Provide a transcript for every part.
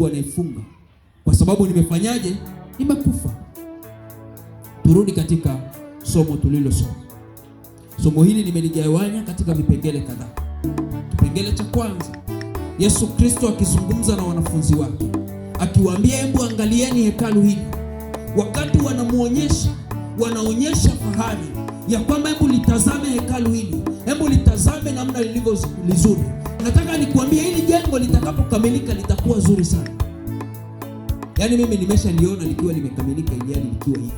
Bwana ifunga kwa sababu nimefanyaje? Nimekufa. Turudi katika somo tulilosoma. Somo hili nimeligawanya katika vipengele kadhaa. Kipengele cha kwanza, Yesu Kristo akizungumza na wanafunzi wake akiwaambia, hebu angalieni hekalu hili. Wakati wanamuonyesha wanaonyesha fahari ya kwamba, hebu litazame hekalu hili, hebu litazame namna lilivyo lizuri nataka nikuambie hili jengo litakapokamilika litakuwa zuri sana. Yaani mimi nimeshaliona likiwa limekamilika ili likiwa hivi.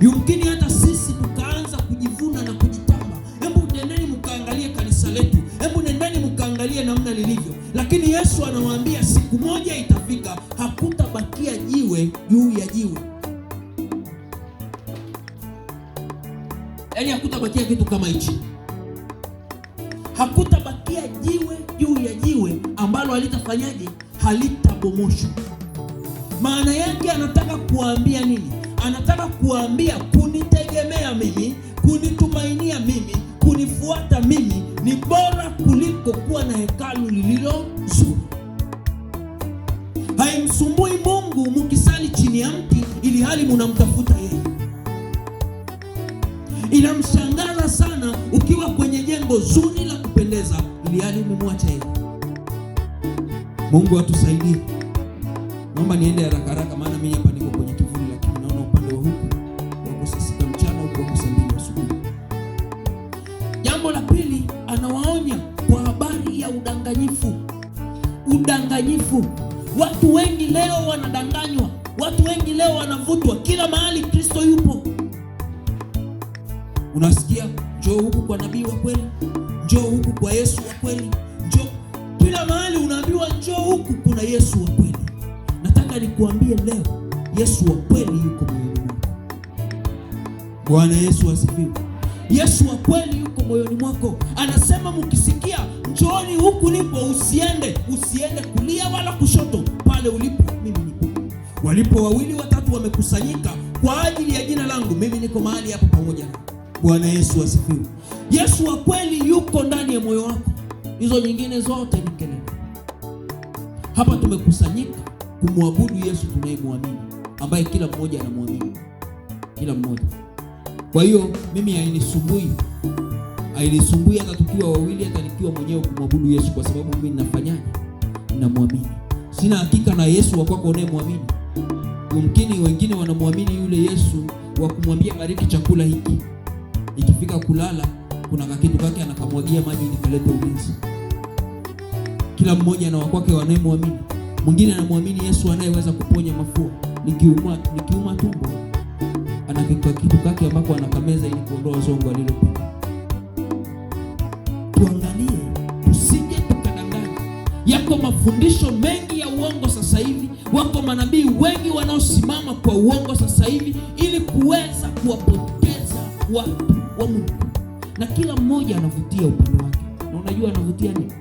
Yumkini hata sisi tukaanza kujivuna na kujitamba. Hebu nendeni mkaangalie kanisa letu, hebu nendeni mkaangalie namna lilivyo. Lakini Yesu anawaambia siku moja itafika, hakutabakia jiwe juu ya jiwe. Yaani hakutabakia kitu kama hichi hakutabakia jiwe juu ya jiwe ambalo halitafanyaje? Halitabomoshwa. Maana yake anataka kuambia nini? Anataka kuambia kunitegemea mimi, kunitumainia mimi, kunifuata mimi ni bora kuliko kuwa na hekalu lililo zuri. Haimsumbui Mungu mukisali chini ya mti ili hali munamtafuta yeye. Inamshangaza sana ukiwa kwenye jengo zuri la kukueleza ili hali umemwacha yeye. Mungu atusaidie. Naomba niende haraka haraka, maana mimi hapa niko kwenye kivuli, lakini naona upande wa huku wako saa sita mchana, huku wako saa mbili asubuhi. Jambo la pili, anawaonya kwa habari ya udanganyifu. Udanganyifu, watu wengi leo wanadanganywa, watu wengi leo wanavutwa kila mahali. Kristo yupo, unasikia njoo huku kwa nabii wa kweli, njoo huku kwa Yesu wa kweli, njoo kila mahali unaambiwa njoo huku, kuna Yesu wa kweli. Nataka nikuambie leo, Yesu wa kweli yuko moyoni mwako. Bwana Yesu asifiwe. Yesu wa kweli yuko moyoni mwako, anasema mkisikia njooni huku lipo, usiende usiende kulia wala kushoto, pale ulipo mimi nipo. Walipo wawili watatu wamekusanyika kwa ajili ya jina langu, mimi niko mahali hapo pamoja nao. Bwana Yesu asifiwe. Yesu wa kweli yuko ndani ya moyo wako, hizo nyingine zote ni kelele. Hapa tumekusanyika kumwabudu Yesu tunayemwamini, ambaye kila mmoja anamwamini, kila mmoja. Kwa hiyo mimi hainisumbui, hainisumbui hata tukiwa wawili, hata nikiwa mwenyewe kumwabudu Yesu, kwa sababu mimi ninafanyaje? Ninamwamini. Sina hakika na Yesu wa kwako unayemwamini. Mumkini wengine wanamwamini yule Yesu wa kumwambia bariki chakula hiki ikifika kulala, kuna kakitu kake anakamwagia maji ili kuleta ulinzi. Kila mmoja na wakwake wanayemwamini. Mwingine anamwamini Yesu anayeweza kuponya mafua. Nikiuma, nikiuma tumbo, anakika kitu kake ambako anakameza ili kuondoa zongo alilopiga. Tuangalie tusije tukadanganya. Yako mafundisho mengi ya uongo sasa hivi, wako manabii wengi wanaosimama kwa uongo sasa hivi ili kuweza kuwapoteza watu wa Mungu, na kila mmoja anavutia upande wake. Na unajua anavutia nini?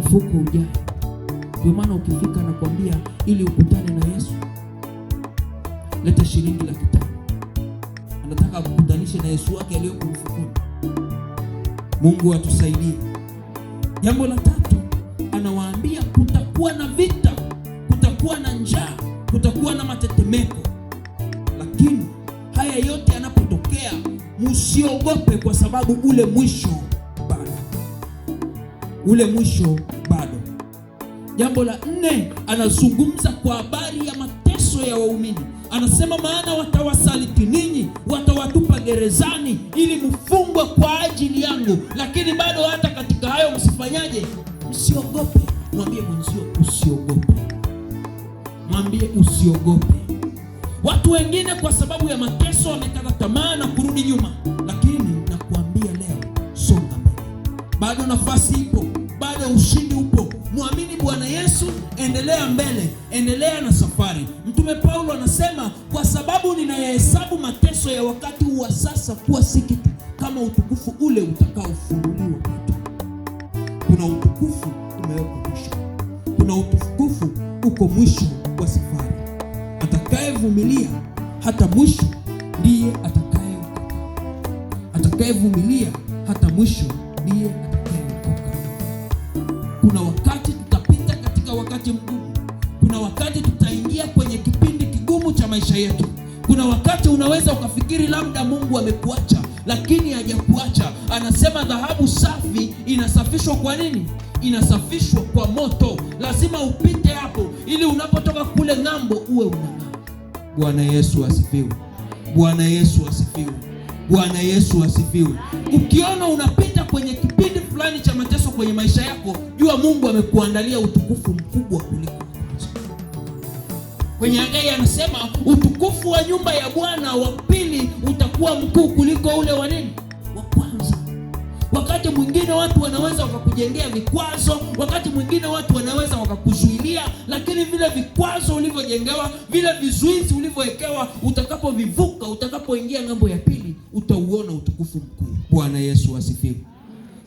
Mfuko ujao. Ndio maana ukifika nakwambia, ili ukutane na Yesu leta shilingi laki tano. Anataka akukutanishe na Yesu wake aliyoko mfukoni. Mungu atusaidie. Jambo la tatu, anawaambia kutakuwa na vita, kutakuwa na njaa, kutakuwa na matetemeko. msiogope, kwa sababu ule mwisho bado, ule mwisho bado. Jambo la nne, anazungumza kwa habari ya mateso ya waumini. Anasema, maana watawasaliti ninyi, watawatupa gerezani, ili mfungwe kwa ajili yangu, lakini bado hata katika hayo msifanyaje? Msiogope. Mwambie mwenzio usiogope, mwambie usiogope. Watu wengine kwa sababu ya mateso wamekata tamaa na kurudi nyuma, lakini nakuambia leo, songa mbele, bado nafasi ipo, bado ushindi upo. Mwamini Bwana Yesu, endelea mbele, endelea na safari. Mtume Paulo anasema, kwa sababu ninayahesabu mateso ya wakati huu wa sasa kuwa si kitu kama utukufu ule utakaofunuliwa kwetu. Kuna utukufu umewekwa mwisho, kuna utukufu uko mwisho wa safari. Atakayevumilia hata mwisho ndiye atakaye, atakayevumilia hata mwisho ndiye atakayeokoka. Kuna wakati tutapita katika wakati mgumu, kuna wakati tutaingia kwenye kipindi kigumu cha maisha yetu. Kuna wakati unaweza ukafikiri labda Mungu amekuacha, lakini hajakuacha. Anasema dhahabu safi inasafishwa kwa nini? Inasafishwa kwa moto. Lazima upite hapo ili unapotoka kule ng'ambo uwe unang'aa. Bwana Yesu asifiwe! Bwana Yesu asifiwe! Bwana Yesu asifiwe! Ukiona unapita kwenye kipindi fulani cha mateso kwenye maisha yako, jua Mungu amekuandalia utukufu mkubwa kuliko kwenye Hagai anasema utukufu wa nyumba ya Bwana wa pili utakuwa mkuu kuliko ule wa nini? Wakati mwingine watu wanaweza wakakujengea vikwazo, wakati mwingine watu wanaweza wakakuzuilia, lakini vile vikwazo ulivyojengewa, vile vizuizi ulivyowekewa, utakapovivuka, utakapoingia ng'ambo ya pili, utauona utukufu mkuu. Bwana Yesu asifiwe!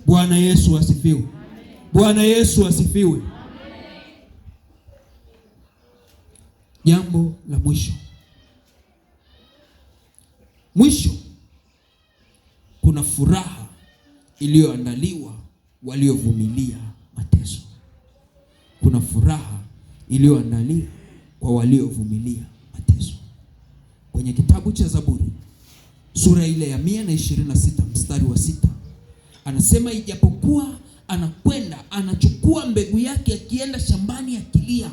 Bwana Yesu asifiwe! Bwana Yesu asifiwe! Jambo la mwisho, mwisho kuna furaha iliyoandaliwa waliovumilia mateso. Kuna furaha iliyoandaliwa kwa waliovumilia mateso. Kwenye kitabu cha Zaburi sura ile ya 126 mstari wa sita anasema, ijapokuwa anakwenda anachukua mbegu yake akienda shambani akilia,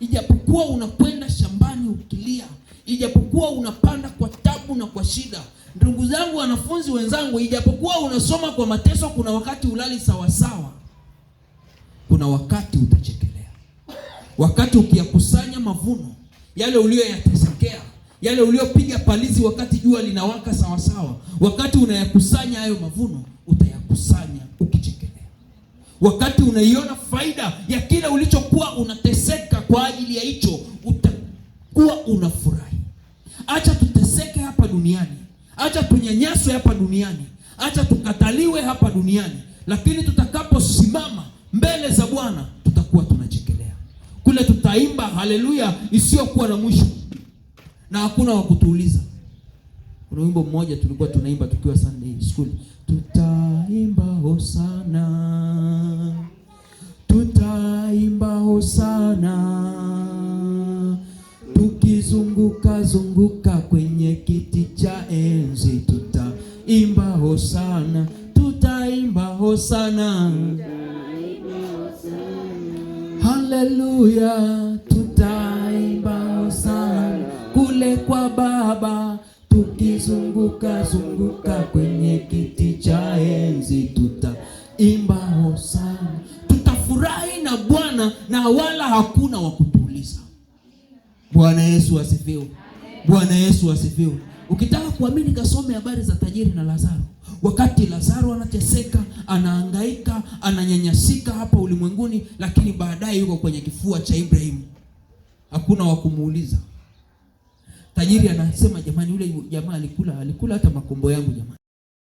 ijapokuwa unakwenda shambani ukilia, ijapokuwa unapanda kwa tabu na kwa shida Ndugu zangu, wanafunzi wenzangu, ijapokuwa unasoma kwa mateso, kuna wakati ulali sawa sawa, kuna wakati utachekelea, wakati ukiyakusanya mavuno yale uliyoyatesekea, yale uliopiga palizi wakati jua linawaka sawa sawa, wakati unayakusanya hayo mavuno, utayakusanya ukichekelea, wakati unaiona faida ya kile ulichokuwa unateseka kwa ajili ya hicho, utakuwa unafurahi. Acha tuteseke hapa duniani acha tunyanyaswe hapa duniani, acha tukataliwe hapa duniani, lakini tutakaposimama mbele za Bwana tutakuwa tunachekelea kule, tutaimba haleluya isiyokuwa na mwisho na hakuna wa kutuuliza. Kuna wimbo mmoja tulikuwa tunaimba tukiwa Sunday school, tutaimba hosana, tutaimba hosana tukizunguka zunguka kwenye kiti cha enzi, tutaimba hosana, tutaimba hosana, haleluya, tutaimba hosana kule kwa Baba. Tukizunguka zunguka kwenye kiti cha enzi, tutaimba hosana, tutafurahi na Bwana na wala hakuna wakutu Bwana Yesu asifiwe. Bwana Yesu asifiwe. Ukitaka kuamini, kasome habari za tajiri na Lazaro. Wakati Lazaro anateseka, anaangaika ananyanyasika hapa ulimwenguni, lakini baadaye yuko kwenye kifua cha Ibrahimu, hakuna wa kumuuliza. Tajiri anasema jamani, yule jamaa alikula alikula hata makombo yangu jamani.